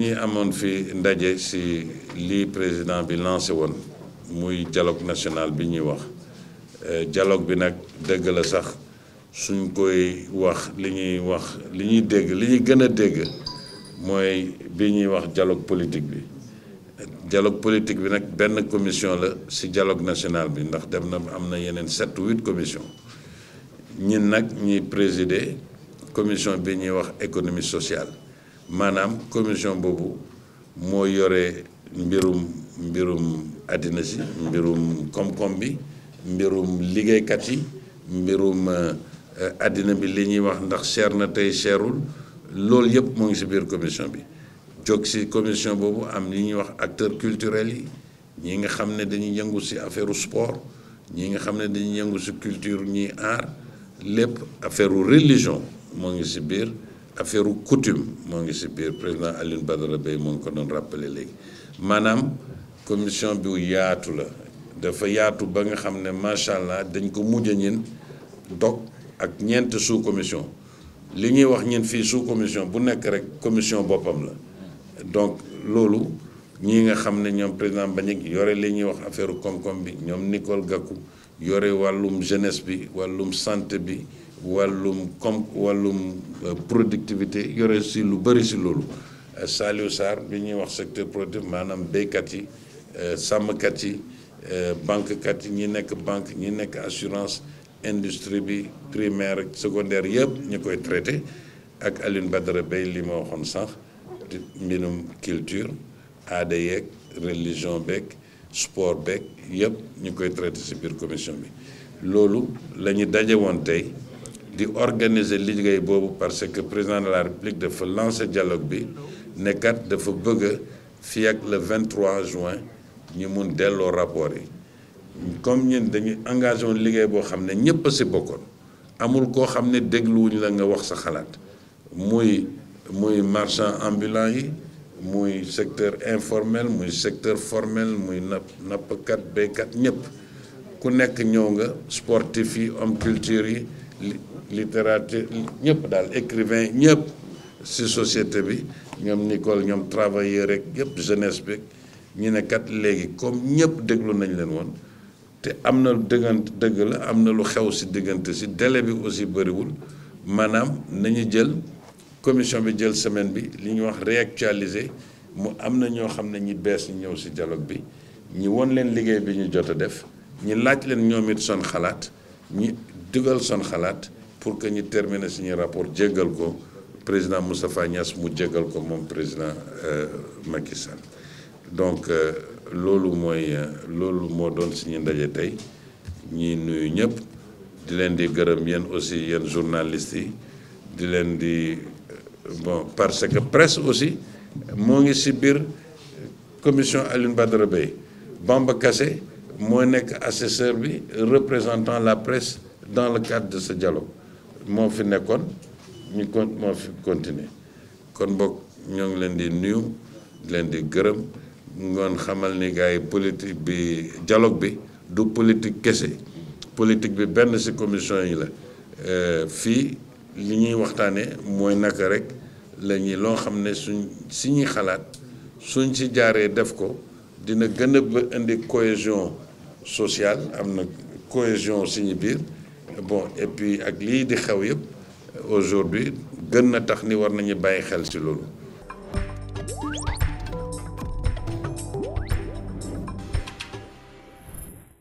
ñi amoon fi ndaje si lii président bi lancé woon muy dialogue nationale bi ñuy wax euh, dialogue bi nag dëgg la sax suñ koy wax li ñuy wax li ñuy dégg li ñuy gën a dégg mooy bi ñuy wax dialogue politique bi dialogue politique bi nag benn commission la si dialogue national bi ndax dem na am na yeneen sept huit commission ñun nag ñuy présider commission bi ñuy wax économie sociale maanaam commission boobu moo yore mbirum mbirum àddina si mbirum koom-koom bi mbirum liggéeykat yi mbirum euh, àddina bi li ñuy wax ndax seer na tey seerul loolu yëpp moo ngi si biir commission bi jog si commission boobu am li ñuy wax acteur culturels yi ñi nga xam ne dañuy yëngu si affaire sport ñi nga xam ne dañuy yëngu si culture ñuy aar lépp affaire u religion moo ngi si biir affaire u coutume moo ngi si biir président aline Badara Bèye moo ngi ko doon rappelé léegi maanaam commission bi yaatu la dafa yaatu ba nga xam ne macha allah dañ ko mujj a ñin dog ak ñeent sous commission li ñuy wax ñin fii sous commission bu nekk rek commission boppam la donc loolu ñii nga xam ne ñoom président Mbagnick yore li ñuy wax affaire koom-koom bi ñoom Nicole Gakou yore wàllum jeunesse bi wàllum santé bi wàllum koom wàllum euh, productivité yore si lu bëri si loolu euh, Saliou Sarr bi ñuy wax secteur productif maanaam béykat yi euh, sàmmkat yi banque banquekat yi ñi nekk banque ñi nekk assurance industrie bi primaire secondaire yëpp ñu koy traité ak aline Badara Bèye li ma waxoon sànq mbirum culture aada yeeg religion beeg sport beeg yëpp ñu koy traité si biir commission bi loolu la ñu daje woon tey di organiser liggéey boobu parce que président de la république dafa lancer dialogue bi nekkat dafa bëgg a fii ak le 23 juin ñu mun delloo rapport yi comme ñun dañuy engagé woon liggéey boo xam ne ñëpp a si bokkoon amul koo xam ne dégluwuñu la nga wax sa xalaat muy muy marchand ambulant yi. muy secteur informel muy secteur formel muy napp nappkat béykat ñëpp ku nekk ñëw nga sportif yi homme culture yi littérature ñëpp daal écrivain ñëpp ci société bi ñoom Nicole ñoom travailleur rek yëpp jeunesse bi ñu ne kat léegi comme ñëpp déglu nañ leen woon te am na dëggante dëgg la am na lu xew si diggante si délai bi aussi bëriwul maanaam nañu jël. commission bi jël semaine bi li ñuy wax réactualiser mu am na ñoo xam ne ñi bees ñu ñëw si dialogue bi ñi won leen liggéey bi ñu jot a def ñi laaj leen ñoom it soon xalaat ñi dugal son xalaat pour que ñu terminer suñu rapport jéggal ko président Moustapha Niass mu jéggal ko moom président euh, Macky Sall donc euh, loolu mooy euh, loolu moo doon si suñu ndaje tey ñi nuyu ñëpp di leen di gërëm yenn aussi yéen journalistes yi di leen di bon parce que presse aussi moo ngi si biir commission Alioune Badara Beye Bamba Kassé moo nekk assesseur bi représentant la presse dans le cadre de ce dialogue moo fi nekkoon ñu kon moo fi continuer kon boog ñoo ngi leen di nuyu leen di gërëm ngoon xamal ni gars yi bi dialogue bi du politique kese politique bi benn si commission yi la euh, fii li ñuy waxtaane mooy naka rek la ñuy loo xam ne suñ si ñuy xalaat suñ si jaaree def ko dina gën a ba indi cohésion sociale am na cohésion suñu biir bon et puis ak lii di xew yëpp aujourd'hui gën na tax ni war nañu bàyyi xel ci loolu